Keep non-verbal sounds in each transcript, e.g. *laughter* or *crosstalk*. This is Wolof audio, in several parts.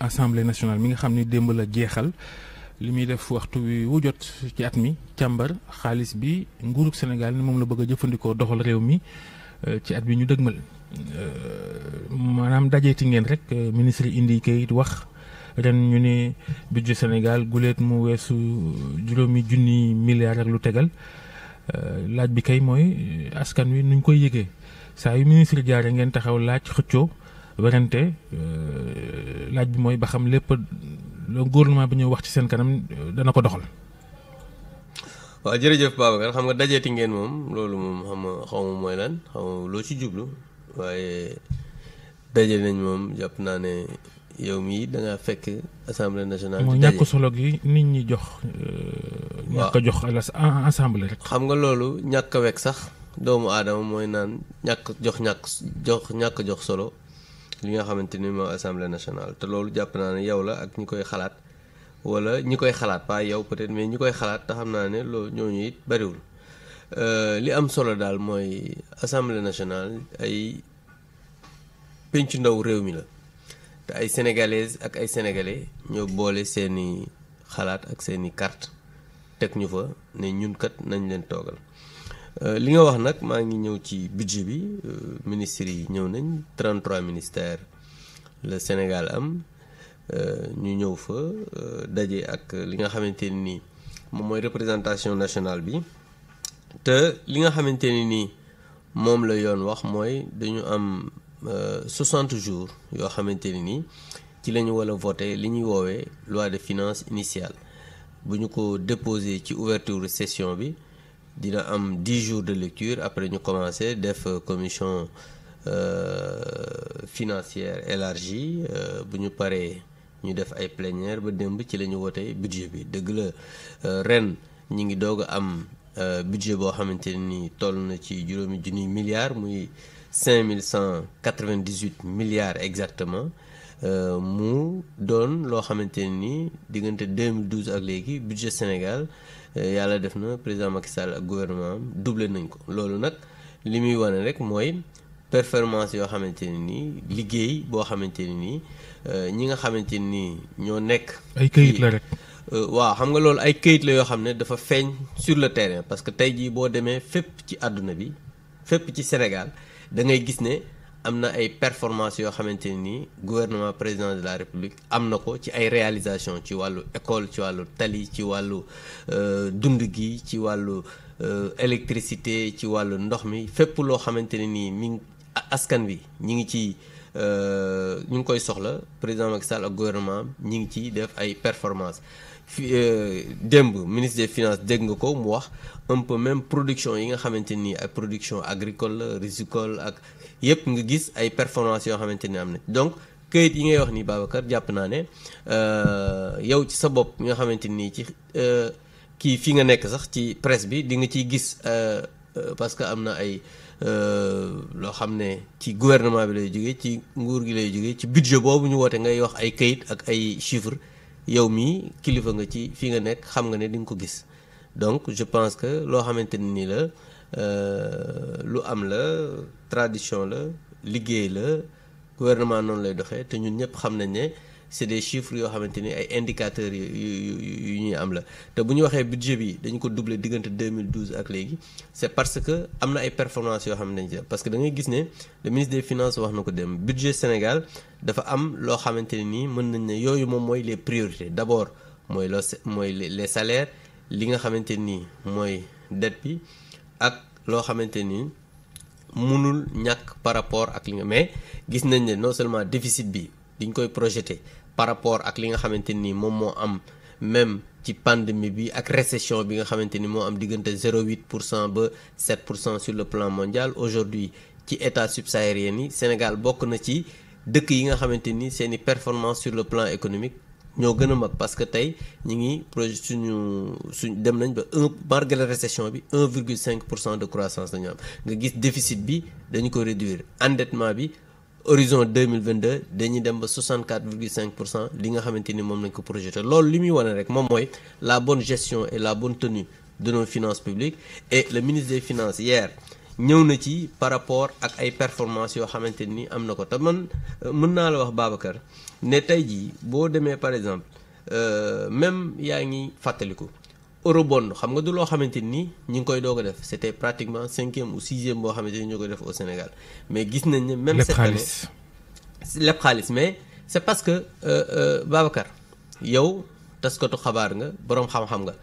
assemblée nationale mi nga xam ni démb la jeexal li muy def waxtu wi wu jot ci at mi càmbar xaalis bi nguurug Sénégal ni moom la bëgg a jëfandikoo doxal réew mi euh, ci at bi ñu dëgmal euh, maanaam dajeeti ngeen rek euh, ministre yi indi kayit wax ren ñu ne budget Sénégal guleet mu weesu juróomi junni milliards lu tegal laaj bi kay mooy askan wi nuñ koy yëgee saa yu ministre jaare ngeen taxaw laaj xëccoo. werante euh, laaj bi mooy ba xam lépp le gouvernement bi ñuy wax ci seen kanam euh, dana ko doxal. waaw jërëjëf Babacar xam nga dajeeti ngeen moom loolu moom xam nga xaw ma mooy lan xaw loo ci jublu waaye daje nañ moom naa ne yow mii da fekk assemblée nationale. di daje ñàkk solo gi nit ñi jox. Euh, ñàkk a jox assemble rek. xam nga loolu ñàkk a wekk sax doomu aadama mooy naan ñàkk jox ñàkk jox ñàkk jox solo. li nga xamante ni mooy assemblée nationale te loolu jàpp naa ne yow la ak ñi koy xalaat wala ñi koy xalaat pas yow peut-être mais ñi koy xalaat te xam naa ne loolu ñoo ñuy bariwul euh, li am solo daal mooy assemblée nationale ay penc ndaw réew mi la te ay sénégalaises ak ay sénégalais ñoo boole seeni xalaat ak seeni kart teg ñu fa ne ñun kat nañ leen toogal. Euh, li nga wax nag maa ngi ñëw ci budget bi euh, ministres yi ñëw nañ 33 ministères le Sénégal am euh, ñu ñëw fa daje ak li nga xamante ne nii moom mooy représentation nationale bi te li nga xamante ne nii moom la yoon wax mooy dañu am 60 jours yoo xamante ne nii ci lañu ñu vote li ñuy woowee loi de finance initiale bu ñu ko déposé ci ouverture session bi. dina am dix jours de lecture après ñu commencer def euh, commission euh, financière élargie euh, bu ñu paree ñu def ay plénière ba démb ci la ñu woote budget bi dëgg la ren ñi ngi doog a am budget boo xamante ni toll na ci juróomi junniy milliards muy. 5198 milliards exactement euh, mu doon loo xamante ni diggante 2012 ak léegi budget Sénégal euh, yàlla def na président Macky Sall ak gouvernement am doublé nañ ko loolu nag li muy wane rek mooy performance yoo xamante ne nii liggéey boo xamante ne nii euh, ñi nga xamante ni nii ñoo nekk. ay këyit la rek. waaw xam nga loolu ay këyit la yoo xam ne dafa feeñ sur le terrain parce que tey jii boo demee fépp ci àdduna bi fépp ci Sénégal. da ngay gis ne am na ay performance yoo xamante ne nii gouvernement président de la république am na ko ci ay réalisation ci wàllu école ci wàllu tali ci wàllu euh, dund gi ci wàllu euh, électricité ci wàllu ndox mi fépp loo xamante ne nii mi ngi askan bi ñi ngi ci euh, ñu ngi koy soxla président Macky ak gouvernement ñi ngi ci def ay performance fi euh, démb ministre des finance dégg nga ko mu wax un même production yi nga xamante ni ay production agricole la risicole ak yëpp nga gis ay performance yoo xamante ni am na donc këyit yi ngay wax ni Babacar jàpp naa ne euh, yow ci sa bopp nga xamante nii ci euh, kii fi nga nekk sax ci press bi di nga ciy gis parce que am na ay loo xam ne ci gouvernement bi lay jógee ci nguur gi lay jógee ci budget boobu ñu woote ngay wax ay kayit ak ay chiffres yow mii kilifa nga ci fi nga nekk xam nga ne di nga ko gis donc je pense que loo xamante ne ni la euh, lu am la tradition la liggéey la gouvernement noonu lay doxee te ñun ñëpp xam nañ ne c'est des chiffres yoo xamante ni ay indicateurs yu yu yu ñuy am la te bu ñu waxee budget bi dañu ko doubler diggante 2012 ak léegi c'est parce que am na ay performance yoo xam ne dañ parce que da gis ne le ministre des finances wax na ko dem budget Sénégal dafa am loo xamante ne nii mën nañ ne yooyu moom mooy les priorités d'abord mooy loo mooy les salaires li nga xamante nii mooy dette bi ak loo xamante nii mënul ñàkk par rapport ak li nga mais gis nañ ne non seulement déficit bi diñ koy projeté par rapport ak li nga xamante nii moom moo am même ci pandémie bi ak récession bi nga xamante ni moo am diggante 0,8 pour cent ba 7 pour cent sur le plan mondial aujourd'hui ci état subsaharien ni Sénégal bokk na ci dëkk yi nga xamante ni seeni performance sur le plan économique ñoo gën a mag parce que tey ñi ngi projet suñu suñ dem nañ ba un malgré la récession bi 1,5 pour cent de croissance la ñu am nga gis déficit bi dañu ko réduire endettement bi horizon deux mille vingt deux dañuy dem ba soixante quatre virgule cinq pour cent li nga xamante ni moom lañ ko projeté loolu li muy wane rek moom mooy la bon gestion et la bonne tenue de finance finances et le ministre des finances hier ñëw na ci par rapport ak ay performance yoo xamante ni am na ko te man euh, mën naa la wax Babacar ne tey jii boo demee par exemple euh, même yaa ngi fàttaliku. eurobond xam nga du loo xamante ni ñi ngi koy doog a def c' était pratiquement cinquième ou sixième boo xamante ni ñu koy def au Sénégal mais gis nañ ne. même cette année lépp xaalis mais c' parce que euh, euh, Babacar yow taskatu xabaar nga boroom xam-xam nga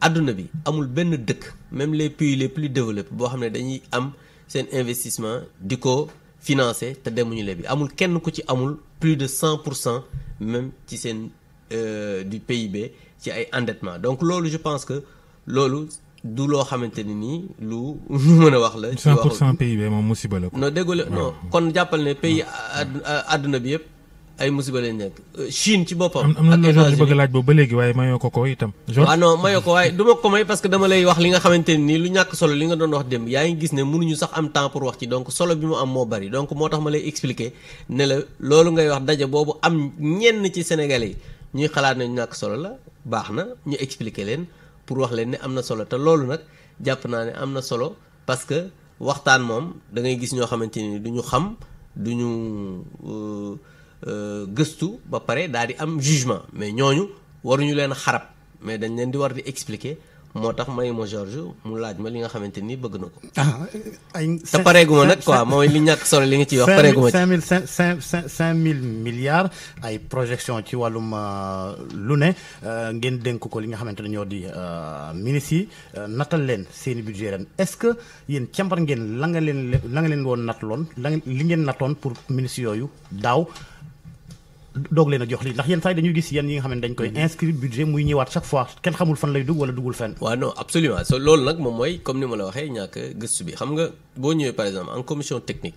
àdduna bi amul benn dëkk même les pays les plus développés boo xam ne dañuy am seen investissement di ko financer te demuñu lebi amul kenn ku ci amul plus de cent pour cent même ci seen. di euh, du be ci ay endettement donc loolu je pense que loolu du loo xamante ne nii lu ñu *laughs* mën a wax la. ci wax 100 pour cent moom musiba la. non déggoo non kon jàppal ne pays àdduna bi yëpp. ay musiba lañ nekk euh, Chine ci boppam. am na genre bëgg ba léegi waaye mayoo ko ko itam. ah non mayoo ko waaye du ma ko may parce que dama lay wax li nga xamante ne nii lu ñàkk solo li nga doon wax démb yaa ngi gis ne munuñu sax am temps pour wax ci donc solo bi mu am moo bari donc moo tax ma lay expliquer ne la loolu ngay wax daje boobu am ñenn ci Sénégalais ñuy xalaat ne ñàkk solo la baax na ñu expliquer leen pour wax leen ni am na solo te loolu nag jàpp naa ne am na solo parce que waxtaan moom da ngay gis ñoo xamante ni du xam du ñu euh, euh, gëstu ba pare daal di am jugement mais ñooñu waruñu leen xarab mais dañ leen di war di expliquer moo tax Maymo Georges mu laaj ma li nga xamante nii bëgg na ko. Ah, ay sa pareeguma nag quoi mooy li ñàkk solo li nga ciy wax. pareeguma ci cinq mille cinq cinq cinq mille milliards ay projection ci wàllum euh, lu ne euh, ngeen dénk ko li nga xamante ne ñoo di euh, ministres yi natal leen seen i budget ren est-ce que yéen càmbar ngeen la nga leen la nga leen woon nattaloon la li ngeen nattoon pour ministres yooyu daaw. doog leen a jox lii ndax yenn saa yi dañuy gis yenn yi nga xam ne dañ koy mm-hmm. inscrire budget muy ñëwaat chaque fois kenn xamul fan lay dugg wala duggul fenn waaw non absolument so loolu nag moom mooy comme ni ma la waxee ñàkk gëstu bi xam nga boo ñëwee par exemple en commission technique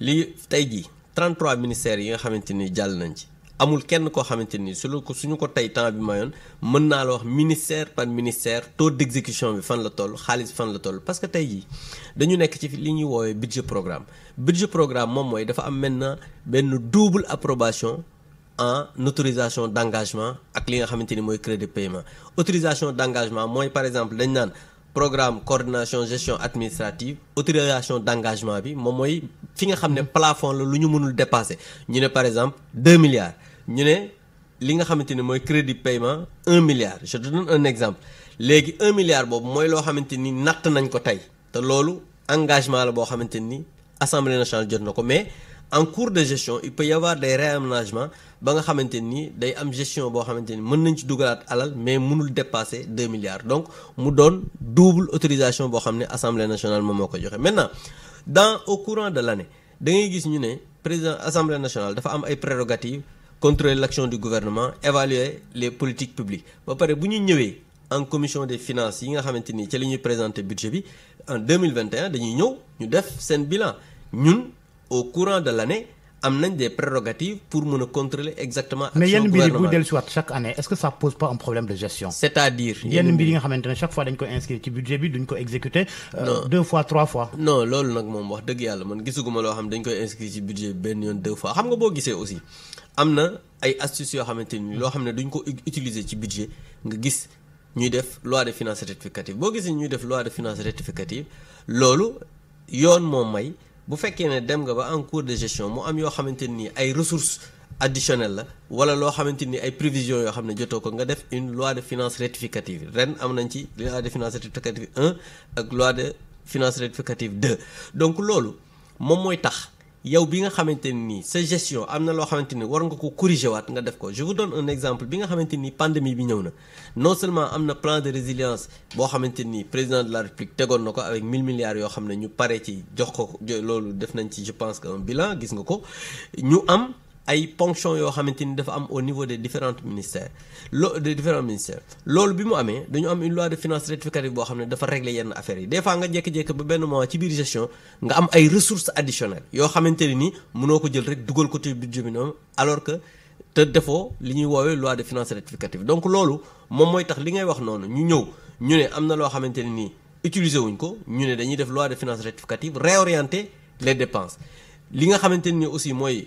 lii tey jii 33 ministères yi nga xamante ni jàll nañ ci amul kenn koo xamante ni su ko suñu ko tey temps bi mayoon mën naa la wax ministère par ministère taux d'exécution bi fan la toll xaalis fan la toll parce que tey jii dañu nekk ci li ñuy woowee budget programme budget programme moom mooy dafa am maintenant benn double approbation en autorisation d' engagement ak li nga xamante ni mooy crédit de paiement autorisation d' engagement mooy par exemple dañ naan programme coordination gestion administrative autorisation d' bi moom mooy fi nga xam ne plafond la lu ñu mënul dépasser ñu ne par exemple deux milliards ñu ne li nga xamante ni mooy crédit paiement un milliard je te donne un exemple léegi un milliard boobu mooy loo xamante ni natt nañ ko tey te loolu engagement la boo xamante ni assemblée nationale jot na ko mais. en cours de gestion il peut y avoir des ba nga xamante ni day am gestion boo xamante ni mën nañ ci dugalaat alal mais mënul dépasser deux milliards donc mu doon double autorisation boo xam ne assemblée nationale moom moo ko joxe maintenant dans au courant de l'année da ngay gis ñu ne président assemblée nationale dafa am ay prérogatives contrôler l'action du gouvernement évaluer les politiques publiques ba pare bu ñu ñëwee en commission des finances yi nga xamante ni ci la ñuy présenter budget bi en 2021 dañuy ñëw ñu def seen bilan ñun au courant de l'année am nañ des prérogatives pour mën a contrôler exactement. action mais yenn mbir yi buy dellusiwaat chaque année est-ce que ça pose pas un problème de gestion. c'est-à-dire yenn mbir nga xamante ne chaque fois dañ ko inscrire ci budget bi duñ ko exécuter. Euh, non deux fois trois fois. non loolu nag moom wax dëgg yàlla man gisuguma loo xam nga boo gisee aussi am na ay astuces xamante ni loo xam ne duñ ko utiliser ci budget nga gis. ñuy def loi de finances rectificative boo gisee ñuy def loi de loolu yoon moo may bu fekkee ne dem nga ba en cours de gestion mu am yoo xamante ni ay ressources additionnelles la wala loo xamante ni ay prévisions yoo xam ne jotoo ko nga def une loi de finance rectificative ren am nañ ci loi de finance rectificative 1 ak loi de finance rectificative de donc loolu moom mooy tax. yow bi nga xamante ni sa gestion am na loo xamante ni war nga ko corriger waat nga def ko je vous donne un exemple bi nga xamante ni pandémie bi ñëw na non seulement am na plan de résilience boo xamante ni président de la république tegoon na ko avec 1000 milliards yoo xam ne ñu pare ci jox ko loolu def nañ ci je pense que un bilan gis nga ko ñu am. ay ponction yoo xamante ni dafa am au niveau des différents ministères lo loolu bi mu amee dañu am une loi de finance rectificative boo xam ne dafa régler yenn affaires yi des fois nga jékki-jékki ba benn moment ci am ay ressources additionnelles yoo xamante ne ni mënoo ko jël rek dugal ko ci budget alors que te defoo li ñuy woowee loi de finances rectificative donc loolu moom mooy tax li ngay wax noonu ñu ñëw ñu ne am na loo xamante ne nii utiliser wuñ ko ñu ne dañuy def loi de finances rectificative réorienter les dépenses li nga xamante ne ni aussi mooy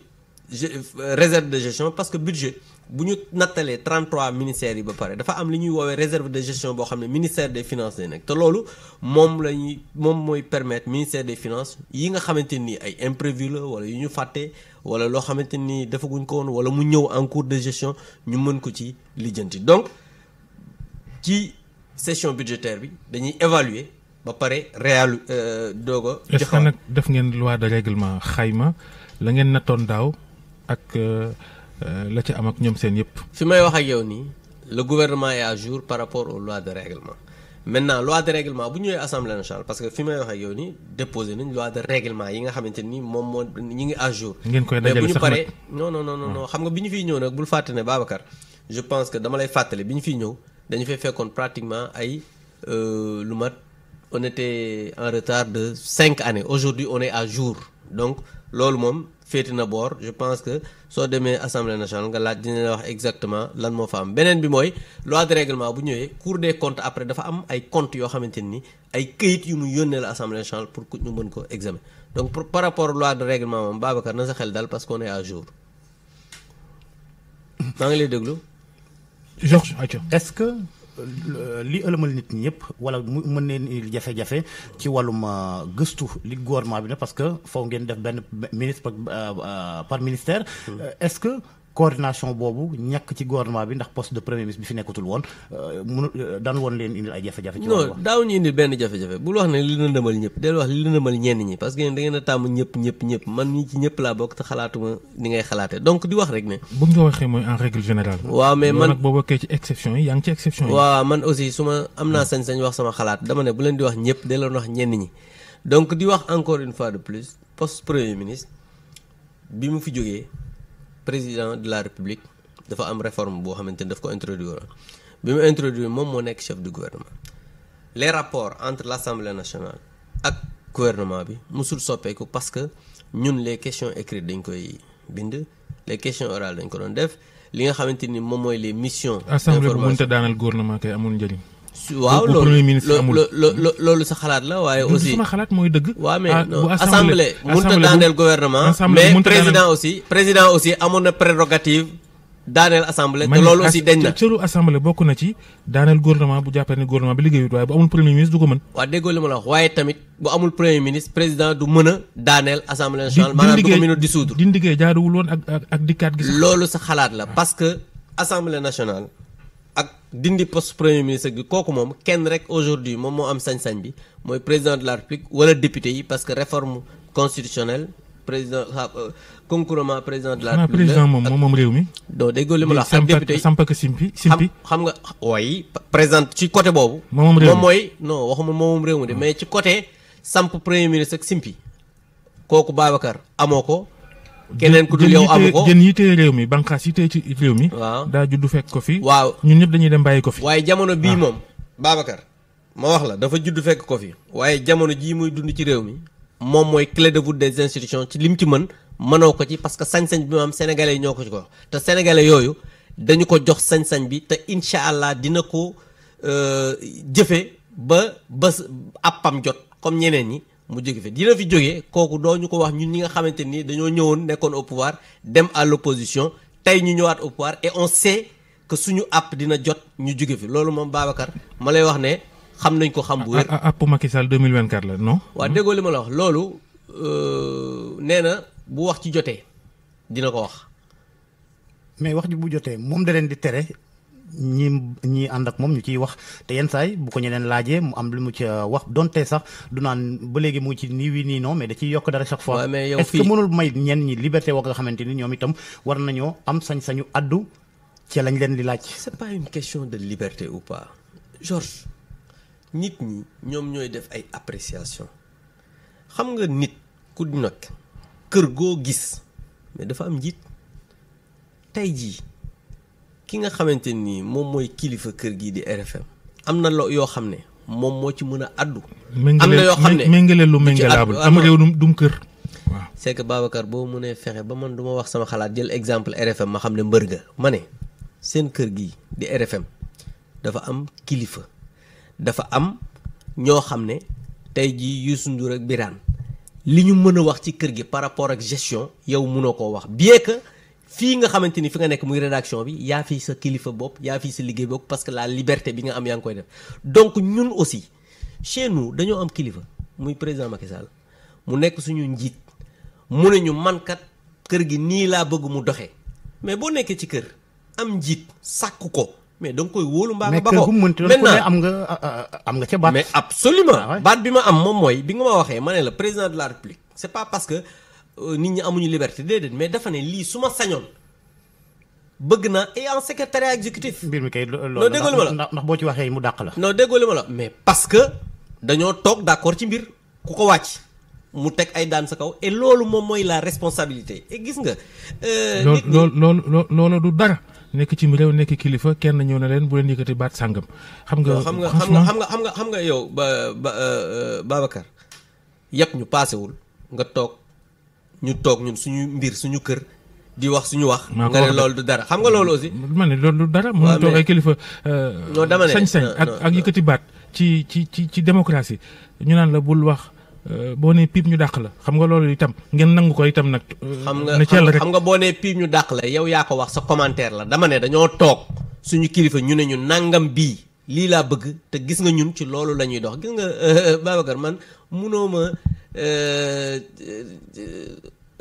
réserve de gestion parce que budget bu ñu nattalee 33 ministères yi ba pare dafa am li ñuy woowee réserve de gestion boo xam ne ministère des finances lay nekk te loolu moom la ñuy moom mooy permetre ministère des finance yi nga xamante ni ay imprévu la wala yu ñu fàtte wala loo xamante nii defaguñ ko woon wala mu ñëw en cours de gestion ñu mën ko ci lijjanti donc ci session budgétaire bi dañuy évaluer ba pare réal euh, doog a. est nag def ngeen loi de règlement xayma la ngeen nattoon daaw. ak euh, euh, la ca am ak ñoom seen yëpp. fi may wax ak yow nii le gouvernement est à jour par rapport aux lois de règlement maintenant loi de règlement bu ñëwee assemblée nationale parce que fi may wax ak yow nii déposé nañ loi de règlement yi nga ni moom moo ñi ngi à jour. ngeen koy dajale sax mais ñu paree non non non non xam nga bi ñu fiy ñëw nag bul fàtte ne Babacar je pense que dama lay fàttali bi ñu fiy ñëw dañu fay fekkoon pratiquement ay euh, lu mat on était en retard de cinq années aujourd'hui on est à jour donc loolu moom. féeti na boor je pense que soo demee assemblée nationale nga laaj dina la wax exactement lan moo fa am beneen bi mooy loi de règlement bu ñëwee cour des comptes après dafa am ay comptes yoo xamante ni ay këyit yu mu yónnee la assemblée nationale pour que ñu mën ko examen donc par rapport loi de règlement moom Babacar na sa xel daal parce qu'on à jour maa ngi lay déglu. Georges est-ce li ëlëmal nit ñi yëpp wala mu mën neen indi jafe-jafe ci wàllum euh, gëstu li gouvernement bi na parce que foo ngeen def benn ministre par euh, euh, ministère hmm. est-ce que coordination boobu ñàkk ci gouvernement bi ndax poste de premier ministre bi fi nekkatul woon euh, munu euh, daan woon leen indil ay jafe-jafe. daaw ñu benn jafe-jafe bul wax ne li lëndëmal ñëpp del wax li lëndëmal ñenn ñi parce que yéen da ngeen ñi di wax rek ne. bu nga waxee mooy en règle générale. waaw man aussi su ma am naa sañ-sañ wax sama xalaat dama ne bu leen di wax ñëpp delloo wax ñenn ñi donc di wax encore une fois de plus poste premier ministre bi mu fi jógee président de la république dafa am réforme boo xamante ni daf ko introduire bi mu introduire moom moo nekk chef du gouvernement les rapports entre l'assemblée nationale ak gouvernement bi mosul soppeeku parce que ñun les question écrites dañ koy bind les questions orales dañ ko doon def li nga xamante ni moom mooy les missions. assemblée bu mënta daanal gouvernement kay amul njëriñ. su waaw loolu premier ministre loolu sa xalaat la waaye aussi sama xalaat mooy dëgg waaw mais ah, assemblée mënut a daaneel gouvernement mais président aussi président aussi amoon na prérogative daaneel assemblée te loolu aussi dañ na cëru assemblée bokk na ci daaneel gouvernement bu jàppee ne gouvernement bi liggéeyut waaye bu amul premier ministre du ko mën waaw déggoo li ma la wax waaye tamit bu amul premier ministre président du mën a daaneel assemblée nationale maanaam du ko mën a dissoudre dindi jaarul woon ak ak dikkaat xalaat la parce que assemblée nationale ak dindi poste premier ministre bi kooku moom kenn rek aujourd'hui moom moo am sañ-sañ bi mooy président de la république wala député yi parce que réforme constitutionnelle président ah, euh, concurrement président de la moom moom moom réew mi. doo déggoo li ma la wax ak député yi sampak simpi simpi xam nga waaye président ci côté boobu. moom mooy non waxuma moom réew mi de ah. mais ci côté samp premier ministre ak simpi kooku Babacar amoo ko. keneen ku dul yow amu ko jën yi tee réew mi banqaas yi tee ci réew mi. waaw daa juddu fekk ko fi. waaw ñu ñëpp dañuy dem bàyyi ko fi. waaye jamono bii ah. moom. Babacar ma wax la dafa juddu fekk ko fi. waaye jamono jii muy dund ci réew mi. moom mooy clé de voûte des institutions ci lim ci mën mënoo ko ci parce que sañ-sañ bi mu am ñoo ko ci ko te senegale yooyu dañu ko jox sañ-sañ bi te incha allah dina ko euh, jëfe ba ba appam jot comme ñeneen yi mu jóge fi dina fi jógee kooku doo ñu ko wax ñun ñi nga xamante ni dañoo ñëwoon nekkoon au dem à l'opposition tey ñu ñëwaat au pouvoir et on sait que suñu app dina jot ñu jóge fi loolu moom Babacar ma lay wax ne xam nañ ko xam bu wér. app Macky Sall 2024 la no waaw déggoo li ma la wax loolu euh, nee na bu wax ci jotee dina ko wax. mais wax ji bu jotee moom da di tere. ñi ñi ànd ak moom ñu ciy wax te yenn saay bu ko ñeneen laajee mu am lu mu ci wax donte sax du naan ba léegi mu ci nii nii non mais da ci yokk dara chaque fois est-ce fii mënul may ñenn ñi liberté woo nga ñoom itam war nañoo am sañ-sañu addu ci lañ leen di laaj c'est pas une question de liberté ou pas Georges nit ñi ñoom ñooy def ay appréciation xam nga nit ku nag kër goo gis mais dafa am njiit tey jii ki nga xamante nii moom mooy kilifa kër gii di RFM am na loo yoo xam ne moom moo ci mën a addu am na yoo xam ne méngale lu méngalaabul am réew dum kër waaw c'est que Babacar boo mënee fexe ba man du ma wax sama xalaat jël exemple RFM ma xam ne mbër ga ma ne seen kër gi di RFM dafa am kilifa dafa am ñoo xam ne tey ji Youssou Ndour ak Birane li ñu mën a wax ci kër gi par rapport ak gestion yow mënoo koo wax bien que fii nga xamante ni fi nga nekk muy rédaction bi yaa fi sa kilifa bopp yaa fi sa liggéey bopp parce que la liberté bi nga am yaa ngi koy def donc ñun aussi chez nous dañoo am kilifa muy président Macky Sall mu nekk suñu njiit mu ne ñu mankat kër gi nii laa bëgg mu doxee mais boo nekkee ci kër am njiit sàkk ko mais da nga koy wóolu mbaa nga ba ko maintenant am nga am nga ca baat mais absolument ah baat bi ma am moom mooy bi nga ma waxee ma ne la président de la république Euh, nit ñi amuñu liberté déedéet mais dafa ne lii su ma sañoon bëgg na et en secrétariat exécutif. mbir mi kay loolu déggoolu ma la ndax boo ci waxee mu dàq la. non déggoolu ma la mais parce que dañoo toog d'accord ci mbir ku ko wàcc mu teg ay daan sa kaw et loolu moom mooy la responsabilité et gis nga. Euh, nit ñi loolu loolu loolu du dara. nekk ci réew nekk kilifa kenn ñëw na leen bu leen yëkkati baat sàngam. xam nga xam nga xam nga xam nga xam nga yow ba ba euh, Babacar yëpp ñu paasewul nga toog. ñu toog ñun suñu mbir suñu kër di wax suñu wax. nga ne loolu du dara xam nga loolu aussi. ma ne loolu du dara. waaw mu toog ay kilifa. Euh, non dama ne sañ-sañ ak yëkkati baat ci ci ci ci démocratie ñu naan la bul wax. Euh, boo ne pipe ñu dàq la xam nga loolu itam ngeen nangu ko itam nag. Euh, xam nga xam nga boo nee pipe ñu dàq la yow yaa ko wax sa commentaire la dama ne dañoo toog suñu kilifa ñu ne ñu nangam bii lii laa bëgg te gis nga ñun ci loolu la ñuy dox gis nga Babacar man munoo ma Euh, euh,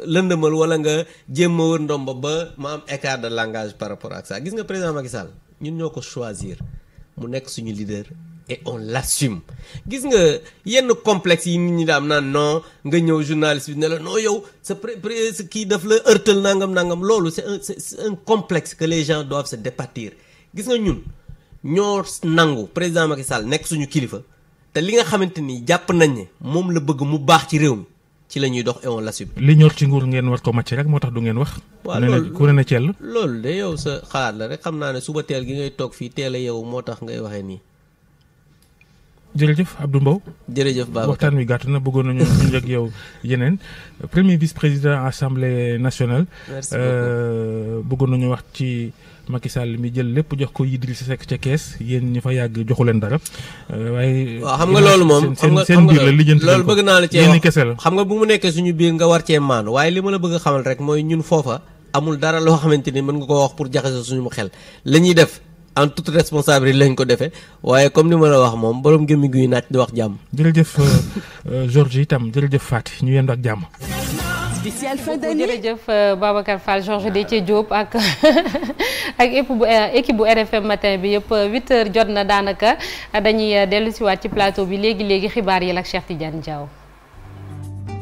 lëndëmal wala nga jéem a wër ndomba ba ma am écart de langage par rapport ak ça gis nga président Macky Sall ñun ñoo ko choisir mu nekk suñu leader et on l'assume gis nga yenn complexe yi nit ñi daam naan non nga ñëw journaliste bi ne la non yow sa pré kii daf la ërtal nangam nangam loolu c'est un c'est un complexe que les gens doivent se départir gis nga ñun ñoo nangu président Macky Sall nekk suñu kilifa. te li nga xamante ni jàpp nañ ne moom la bëgg mu baax ci réew mi ci la ñuy dox et on li ñor ci nguur ngeen war ko màcc rek moo tax du ngeen wax. waaw loolu ku ne na cell. loolu de yow sa xalaat la rek xam naa ne suba teel gi ngay toog fii teel a yow moo tax ngay waxee nii. jërëjëf Abdou mbaw jërëjëf Babacar waxtaan wi gàtt na bëggoon nañu ñu ak yow yeneen premier vice président assemblée nationale. merci euh, bëggoon nañu wax ci. Macky Sall mi jël lépp jox ko Idrissa Seck ca kees yéen ñu fa yàgg joxu leen dara euh, waaye. waaw xam nga loolu moom xam nga seen biir la lijjanti loolu bëgg naa la cee wax xam nga bu mu nekkee suñu biir nga war cee maandu waaye li ma la bëgg a xamal rek mooy ñun foofa amul dara loo xamante ni mën nga koo wax pour jaxase suñu xel la ñuy def. en toute responsabilité lañ ko defee waaye comme ni ma la wax moom borom gémmi guy naaj di wax jàmm. jërëjëf euh, euh, Georges itam jërëjëf Faty ñu yendu ak jàmm. d'ici à la fin d'année jërëjëf euh, Babacar Fall Georges Déthié Diop ak *laughs* ak équipe bu euh, équipe bu RFM matin bi yëpp 8 euh, jot na daanaka dañuy dellu siwaat ci plateau bi léegi léegi xibaar yi la ak Cheikh Tidiane Diaw.